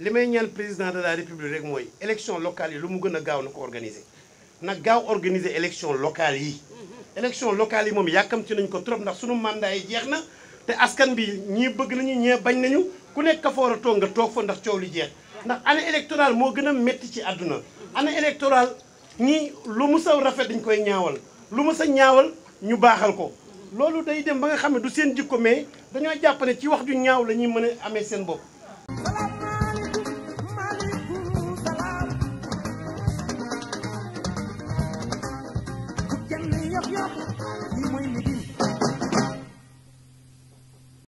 li may ñaan président de la république rek mooy élection locale yi lu mu gën a gaaw na ko organiser na gaaw organiser élection locale yi élection locale yi moom yàkkamti nañ ko trop ndax sunu mandat jeex na te askan bi ñii bëgg nañu ñee bañ nañu ku nekk ka foor a toog nga toog fa ndax coow li jeex ndax année électorale moo gën a métti ci àdduna année électorale ñii lu mu sa rafet dañ koy ñaawal lu mu sa ñaawal ñu baaxal ko loolu day dem ba nga xam ne du seen jikko mais dañoo jàpp ci wax ju ñaaw lañuy ñuy mën amee seen bopp. mooy liggéey